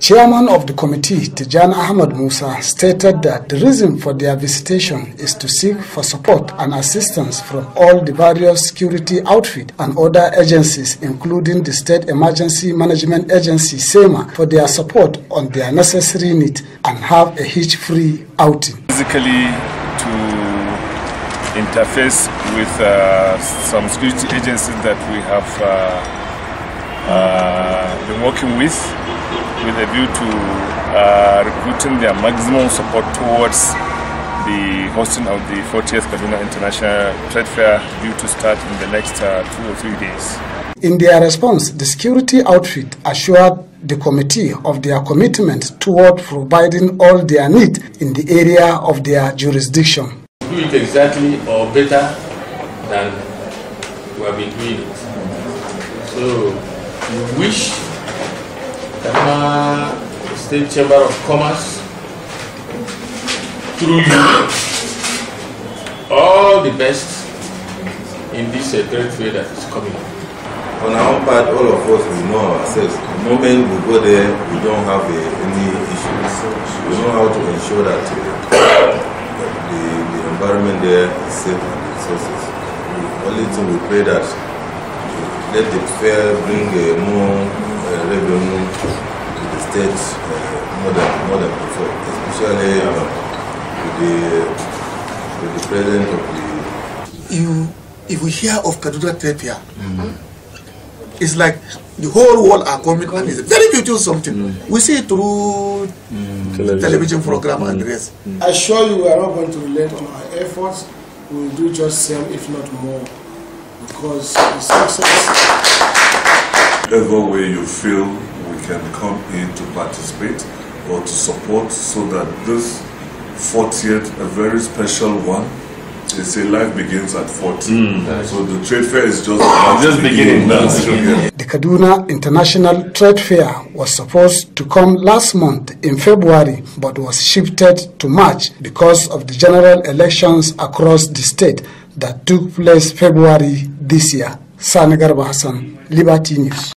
Chairman of the committee, Tijana Ahmad Musa, stated that the reason for their visitation is to seek for support and assistance from all the various security outfit and other agencies, including the State Emergency Management Agency, SEMA, for their support on their necessary need and have a hitch-free outing. Physically, to interface with uh, some security agencies that we have uh, uh, been working with with a view to uh, recruiting their maximum support towards the hosting of the 40th Kaduna International Trade Fair due to start in the next uh, two or three days. In their response, the security outfit assured the committee of their commitment toward providing all their need in the area of their jurisdiction. Do it exactly or better than we have been doing it. So we wish Kaduna State Chamber of Commerce through all the best in this uh, great way that is coming. On our part, all of us, we know ourselves. The moment we go there, we don't have uh, any issues. We know how to ensure that uh, the, the environment there is safe and resources. The only thing we pray that uh, let the fair bring uh, more uh, more, than, more than before, especially uh, with, the, with the of the... You, if we hear of Kaduna Tepia, mm -hmm. it's like the whole world are coming and it's a very beautiful something. Mm. We see it through mm. television. television program mm. and the I assure you we are not going to relent on our efforts. We will do just same if not more because the success... Whatever way you feel can come in to participate or to support so that this 40th, a very special one, they say life begins at 40. Mm. So the trade fair is just, just beginning. now. The Kaduna International Trade Fair was supposed to come last month in February but was shifted to March because of the general elections across the state that took place February this year. Sani Hassan, Liberty News.